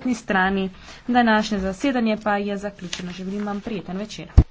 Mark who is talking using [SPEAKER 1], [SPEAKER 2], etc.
[SPEAKER 1] spletni strani. Današnje zasedanje pa je zaključeno. Želim vam prijeten večer.